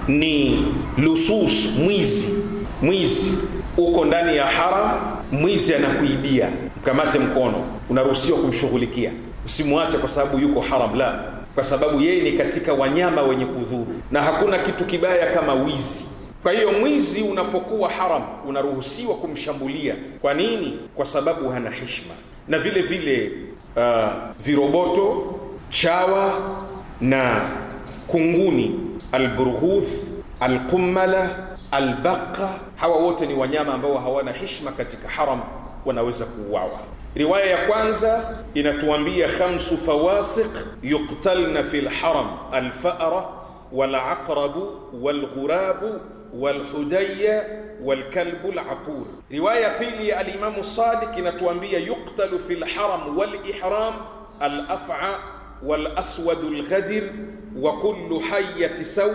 ni lusus, mwizi. Mwizi uko ndani ya haram, mwizi anakuibia mkamate mkono, unaruhusiwa kumshughulikia, usimwache kwa sababu yuko haram, la, kwa sababu yeye ni katika wanyama wenye kudhuru, na hakuna kitu kibaya kama wizi. Kwa hiyo mwizi unapokuwa haram, unaruhusiwa kumshambulia. Kwa nini? Kwa sababu hana heshima. Na vile vile uh, viroboto, chawa na kunguni, alburghuth, alqummala, albaqa, hawa wote ni wanyama ambao hawana heshima katika haram. wanaweza kuuawa riwaya ya kwanza inatuambia khamsu fawasiq yuktalna fi lharam alfara walaqrabu walghurabu walhudaya walkalbu laqur riwaya ya pili ya alimamu sadik inatuambia yuktalu fi lharam walihram alafa walaswadu lghadir wa kullu hayati sau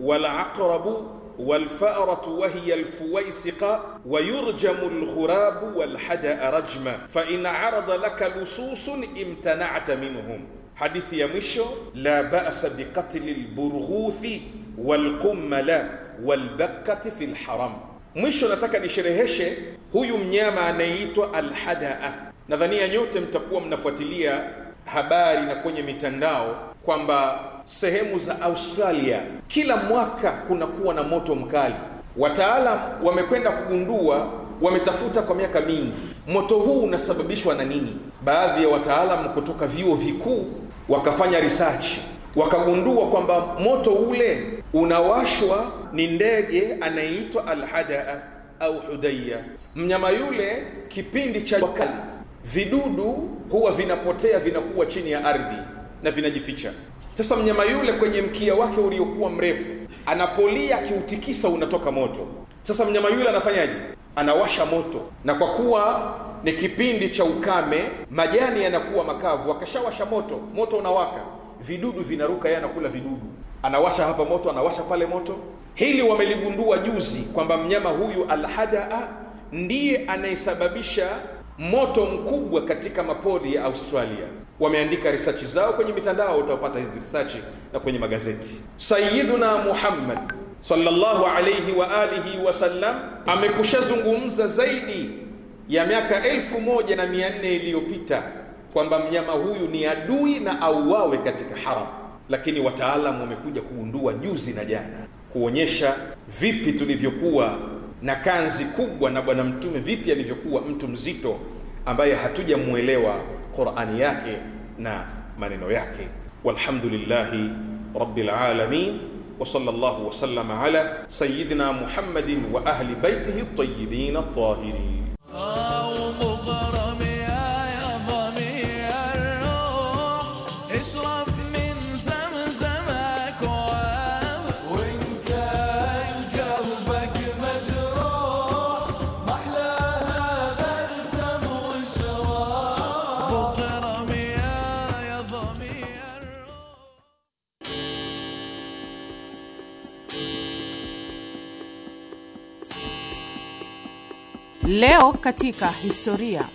walaqrabu والفأرة وهي الفويسقة ويرجم الغراب والحدأ رجما فإن عرض لك لصوص امتنعت منهم حديث يا مشو لا بأس بقتل البرغوث والقمل والبكة في الحرم Mwisho nataka nishereheshe huyu mnyama anayeitwa alhadaa. Nadhania nyote mtakuwa mnafuatilia habari na kwenye mitandao kwamba sehemu za Australia kila mwaka kunakuwa na moto mkali. Wataalam wamekwenda kugundua, wametafuta kwa miaka mingi, moto huu unasababishwa na nini? Baadhi ya wataalam kutoka vyuo vikuu wakafanya research, wakagundua kwamba moto ule unawashwa ni ndege anayeitwa alhadaa au hudaya. Mnyama yule kipindi cha wakali, vidudu huwa vinapotea, vinakuwa chini ya ardhi na vinajificha. Sasa mnyama yule kwenye mkia wake uliokuwa mrefu, anapolia akiutikisa unatoka moto. Sasa mnyama yule anafanyaje? Anawasha moto, na kwa kuwa ni kipindi cha ukame, majani yanakuwa makavu. Akashawasha moto, moto unawaka, vidudu vinaruka, yeye anakula vidudu. Anawasha hapa moto, anawasha pale moto. Hili wameligundua juzi kwamba mnyama huyu alhadaa ndiye anayesababisha moto mkubwa katika mapori ya Australia wameandika risachi zao kwenye mitandao, utapata hizi risachi na kwenye magazeti. Sayyiduna Muhammad sallallahu alayhi wa alihi sallam amekushazungumza zaidi ya miaka elfu moja na mia nne iliyopita kwamba mnyama huyu ni adui na auawe katika haram, lakini wataalamu wamekuja kugundua juzi na jana kuonyesha vipi tulivyokuwa na kanzi kubwa na Bwana Mtume, vipi alivyokuwa mtu mzito ambaye hatujamuelewa qurani yake na والحمد لله رب العالمين وصلى الله وسلم على سيدنا محمد واهل بيته الطيبين الطاهرين Leo katika historia.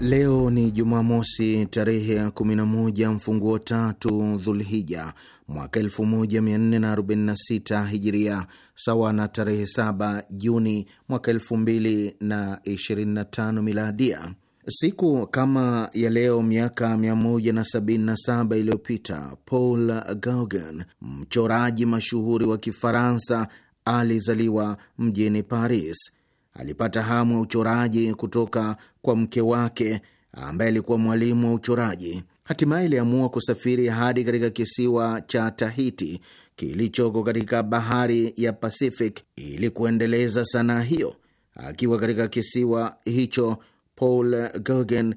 Leo ni Jumamosi tarehe ya 11 mfunguo tatu Dhulhija mwaka 1446 Hijiria, sawa na tarehe 7 Juni mwaka 2025 Miladia. Siku kama ya leo miaka 177 iliyopita Paul Gauguin, mchoraji mashuhuri wa Kifaransa alizaliwa mjini Paris. Alipata hamu ya uchoraji kutoka kwa mke wake ambaye alikuwa mwalimu wa uchoraji. Hatimaye aliamua kusafiri hadi katika kisiwa cha Tahiti kilichoko katika bahari ya Pacific ili kuendeleza sanaa hiyo. Akiwa katika kisiwa hicho, Paul Gauguin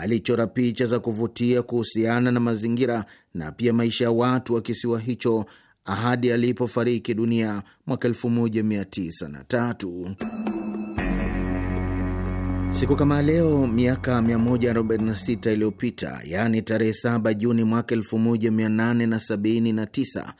alichora picha za kuvutia kuhusiana na mazingira na pia maisha ya watu wa kisiwa hicho hadi alipofariki dunia mwaka 1903. Siku kama leo miaka 146 iliyopita, yaani tarehe 7 Juni mwaka 1879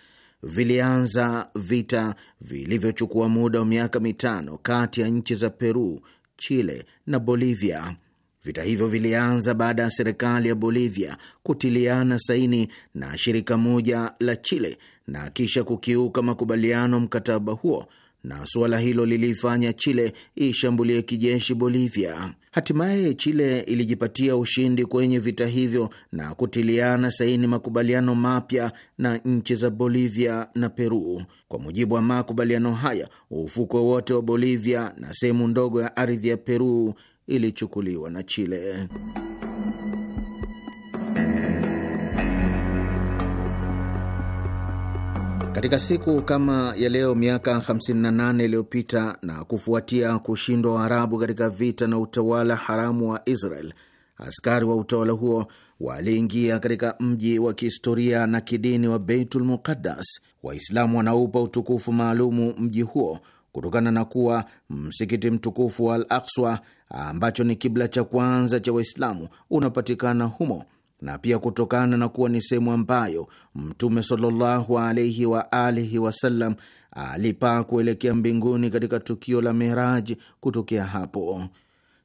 vilianza vita vilivyochukua muda wa miaka mitano kati ya nchi za Peru, Chile na Bolivia. Vita hivyo vilianza baada ya serikali ya Bolivia kutiliana saini na shirika moja la Chile na kisha kukiuka makubaliano mkataba huo, na suala hilo liliifanya Chile ishambulie kijeshi Bolivia. Hatimaye Chile ilijipatia ushindi kwenye vita hivyo na kutiliana saini makubaliano mapya na nchi za Bolivia na Peru. Kwa mujibu wa makubaliano haya, ufukwe wote wa Bolivia na sehemu ndogo ya ardhi ya Peru ilichukuliwa na Chile. Katika siku kama ya leo miaka 58 iliyopita na kufuatia kushindwa Waarabu katika vita na utawala haramu wa Israel, askari wa utawala huo waliingia katika mji wa kihistoria na kidini wa Beitul Muqaddas. Waislamu wanaupa utukufu maalumu mji huo kutokana na kuwa msikiti mtukufu wa Al Akswa ambacho ni kibla cha kwanza cha Waislamu unapatikana humo, na pia kutokana na kuwa ni sehemu ambayo Mtume sallallahu alaihi wa alihi wasallam alipaa kuelekea mbinguni katika tukio la Miraji. Kutokea hapo,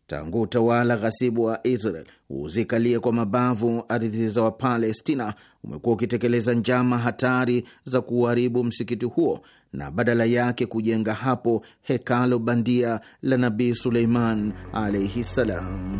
tangu utawala ghasibu wa Israel huzikalia kwa mabavu ardhi za Wapalestina, umekuwa ukitekeleza njama hatari za kuharibu msikiti huo na badala yake kujenga hapo hekalo bandia la Nabii Suleiman alaihi ssalam.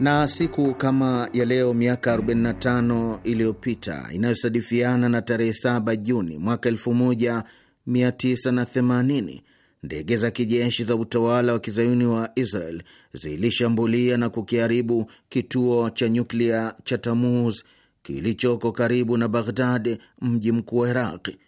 Na siku kama ya leo miaka 45 iliyopita inayosadifiana na tarehe 7 Juni mwaka 1980 ndege za kijeshi za utawala wa kizayuni wa Israel zilishambulia na kukiharibu kituo cha nyuklia cha Tamuz kilichoko karibu na Baghdad, mji mkuu wa Iraqi.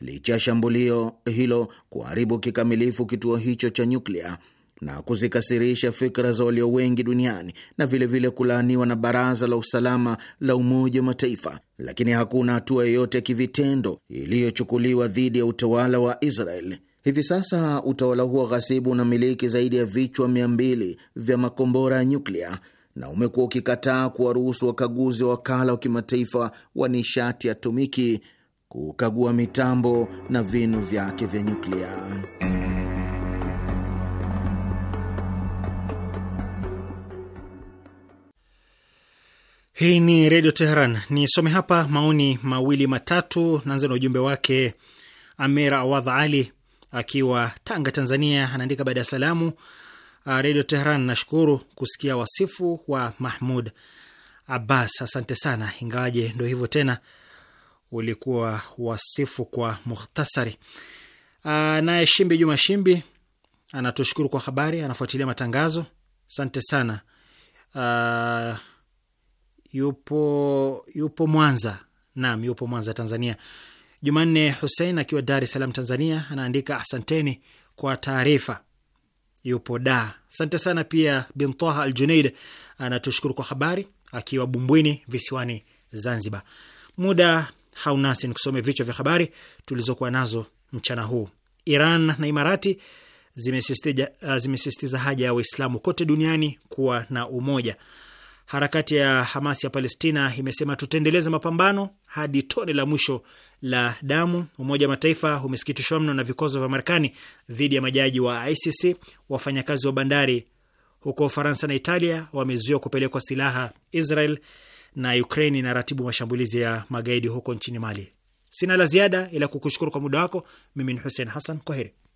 Licha ya shambulio hilo kuharibu kikamilifu kituo hicho cha nyuklia na kuzikasirisha fikra za walio wengi duniani na vilevile kulaaniwa na Baraza la Usalama la Umoja wa Mataifa, lakini hakuna hatua yoyote ya kivitendo iliyochukuliwa dhidi ya utawala wa Israel. Hivi sasa utawala huo ghasibu unamiliki zaidi ya vichwa mia mbili vya makombora ya nyuklia na umekuwa ukikataa kuwaruhusu wakaguzi wa wakala wa kimataifa wa nishati atomiki kukagua mitambo na vinu vyake vya nyuklia. Hii ni Redio Teheran. Nisome hapa maoni mawili matatu. Naanza na ujumbe wake Amira awadh Ali akiwa Tanga, Tanzania. Anaandika, baada ya salamu Ah, Redio Tehran. Nashukuru kusikia wasifu wa Mahmud Abbas, asante sana, ingawaje ndo hivyo tena, ulikuwa wasifu kwa mukhtasari. Ah, naye Shimbi Juma Shimbi anatushukuru kwa habari, anafuatilia matangazo, asante sana. Aa, ah, yupo yupo Mwanza, naam, yupo Mwanza, Tanzania. Jumanne Husein akiwa Dar es Salaam, Tanzania, anaandika asanteni kwa taarifa yupo da. Asante sana pia Bintaha Al Junaid anatushukuru kwa habari akiwa Bumbwini visiwani Zanzibar. Muda haunasi ni kusome vichwa vya habari tulizokuwa nazo mchana huu. Iran na Imarati zimesisitiza haja ya Waislamu kote duniani kuwa na umoja. Harakati ya Hamas ya Palestina imesema tutaendeleza mapambano hadi tone la mwisho la damu. Umoja wa Mataifa umesikitishwa mno na vikwazo vya Marekani dhidi ya majaji wa ICC. Wafanyakazi wa bandari huko Ufaransa na Italia wamezuiwa kupelekwa silaha Israel, na Ukraini inaratibu mashambulizi ya magaidi huko nchini Mali. Sina la ziada ila kukushukuru kwa muda wako. Mimi ni Hussein Hassan, heri